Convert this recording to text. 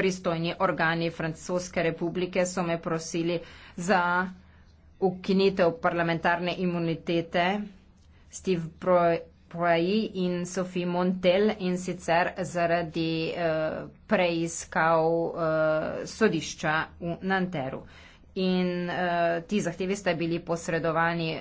pristojni organi Francoske republike so me prosili za ukinitev parlamentarne imunitete Steve Proji in Sophie Montel in sicer zaradi uh, preiskav uh, sodišča v Nanteru. In uh, ti zahtevi sta bili posredovani